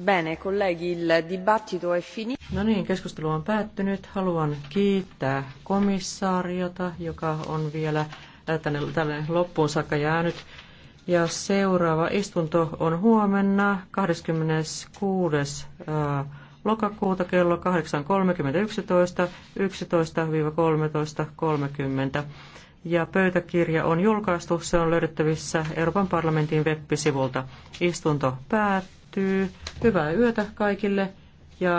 Bene, colleghi, il dibattito è finito. No niin, keskustelu on päättynyt. Haluan kiittää komissaariota, joka on vielä äh, tänne, tänne loppuun saakka jäänyt. Ja seuraava istunto on huomenna 26. Äh, lokakuuta kello 8.30.11, 11 Ja pöytäkirja on julkaistu, se on löydettävissä Euroopan parlamentin web-sivulta. Istunto päättyy päättyy. Hyvää yötä kaikille ja